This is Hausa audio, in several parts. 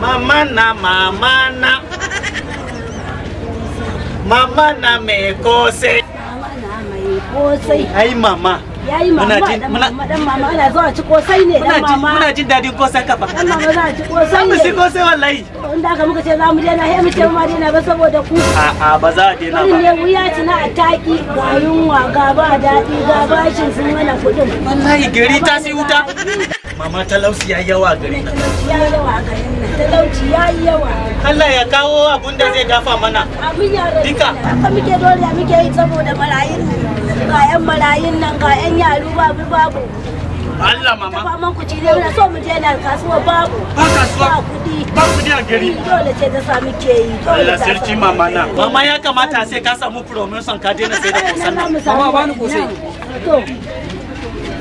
Mama na mama na Mama na mai kosai Mama Ai mama muna jin dan mama dan mama ana zuwa ci kosai ne dan mama muna jin dadin kosai kafa dan mama za ci kosai ne mu kosai wallahi inda aka muka ce za mu daina he mu ce ma daina ba saboda ku a a ba za a daina ba ne wuya ci na ataki ga yunwa ga ba dadi ga bashin sun mana kudin wallahi gari ta sai wuta amma talauci ya yawa gari talauci ya yawa yawa Allah ya kawo abun da zai dafa mana dika haka muke dole muke yi saboda marayun nan ga yan marayun nan ga yan yaro babu babu Allah mama ba man kuci dai muna so mu je na kasuwa babu ba kasuwa ba kudi ba kudi a gari dole ce ta sa muke yi Allah sirci mama na mama ya kamata sai ka samu promotion ka daina sai da kusan nan mama ba ni kosai to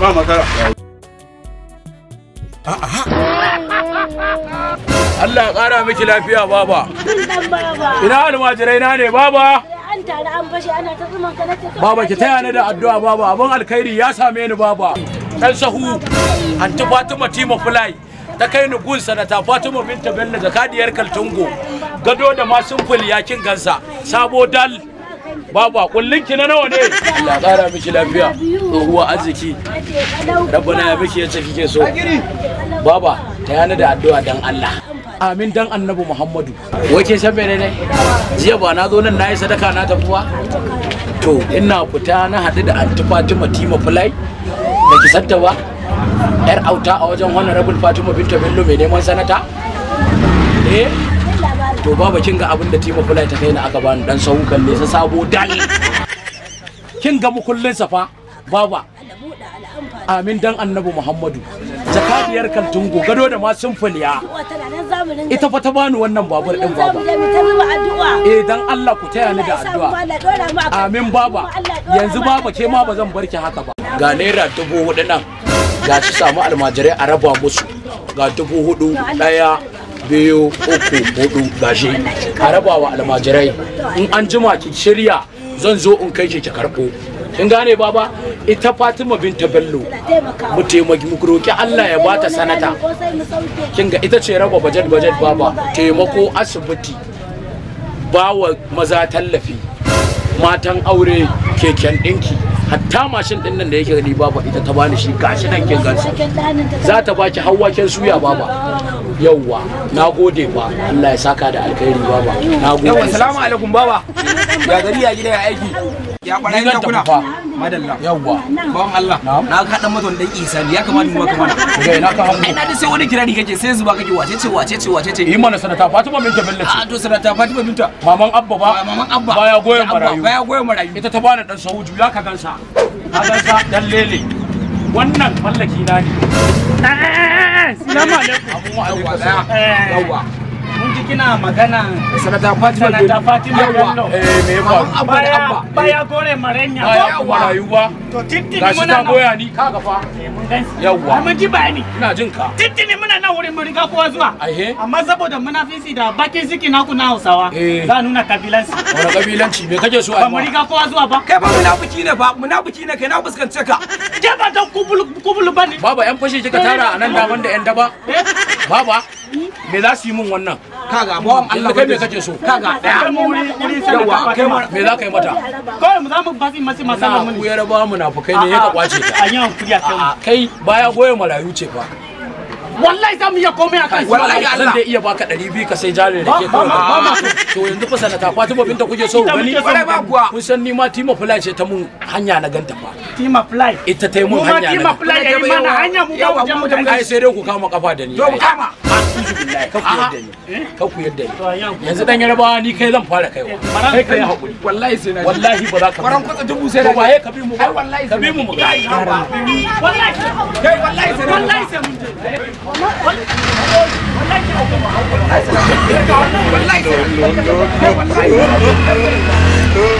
ba Allah ƙara miki lafiya baba ina almajirai na ne baba baba ki taya ni da addu'a baba abin alkhairi ya same ni baba ɗan sahu anti fatima tima Fly ta kai ni gun sanata fatima binta bello zakadiyar kaltungo gado da masun yakin gansa sabo dal babu a kullun ki na nawa ne Allah kara miki lafiya huwa arziki rabbana ya miki yace kike so baba ta yana da addu'a dan Allah amin dan annabi Muhammadu wace san ne jiya ba na zo nan nayi sadaka na tafi ba to ina fita na haɗu da anti Fatima Tima fly. da ki santa ba yar auta a wajen honorable Fatima Binta Bello mai neman sanata eh to baba kin ga abin da tima fulai ta kaina aka bani dan sahu kalle sa sabo dal kin ga mukullin sa fa baba amin dan annabi muhammadu zakadiyar kaltungo gado da ma sumfuliya ita fa ta bani wannan babur din baba eh dan Allah ku taya ni da addu'a amin baba yanzu baba ke ma ba zan barki haka ba ga naira dubu hudu nan ga shi samu almajirai a raba musu ga dubu hudu daya biyu uku hudu gashi a raba wa almajirai in an jima ki shirya zan zo in kai ki ki karɓo kin gane baba ita Fatima binta Bello mu taimaki mu roki Allah ya bata sanata kin ga ita ce raba budget budget baba taimako asibiti bawa maza tallafi matan aure keken ɗinki hatta mashin din nan da yake gani baba ita ta bani shi gashi nan kin gansa za ta baki hawaken suya baba yawwa na gode ba Allah ya saka da alkhairi baba na gode assalamu alaikum baba ya gari ya gida ya aiki ya barayin jakuna madalla yawwa bawan Allah na ka dan mutum dan isa ya kamata mu maka na. ga ina ka hango ina da sai wani kirari kake sai zuba kake wace ce wace ce wace ce yi mana sanata Fatima binta Bello a ah, to sanata Fatima binta maman abba ba maman abba baya goyon marayu baya goyon marayu ita ta bani dan sauju ya ka gansa ka gansa dan lele wannan mallaki na ne assalamu alaikum kina magana sanata fatima sanata fatima eh me eh. baya gore marenya yawa rayuwa to muna ta goya ni kaga fa eh, mun yawa ah, ji bayani ina jin ka tittini muna nan wurin mun riga kowa zuwa amma saboda munafisi da naku na Hausawa eh. za nuna kabilanci mun riga kowa zuwa ba ba munafiki ne ba munafiki ne kai na fuskance ka je ba dan kubulu kubulu bane baba yan fashe kika tara anan da wanda yan daba baba me za su yi min wannan kaga Allah kai me kake so kaga yawa kai me za ka yi mata kawai mu za mu basi masu mu munafukai ne ya kwace ta yi hankuri a kai baya goyon marayu ce fa wallahi a wallahi baka ka sai jari da ke kawai ta kuke so gani kun san ni ma tima fly ce ta mun hanya na ganta fa tima fly ita ta yi mun hanya na tima fly mana hanya mu mu sai dai ku kama kafa da ni uzu ku yadda yanzu dan yarbawa ni kai zan fara kai kai hakuri wallahi sai na wallahi ba ka kwatsa dubu sai mu wallahi mu